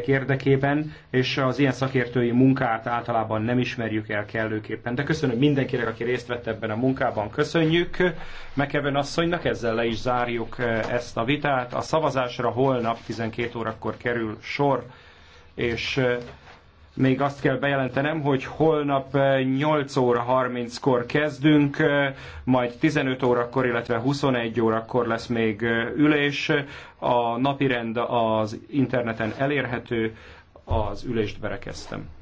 érdekében, és az ilyen szakértői munkát általában nem ismerjük el kellőképpen. De köszönöm mindenkinek, aki részt vett ebben a munkában, köszönjük. Mekeven asszonynak ezzel le is zárjuk eh, ezt a vitát. A szavazásra holnap 12 órakor kerül sor, és eh, még azt kell bejelentenem, hogy holnap 8 eh, óra 30-kor kezdünk, eh, majd 15 órakor, illetve 21 órakor lesz még eh, ülés. A napirend az interneten elérhető, az ülést berekeztem.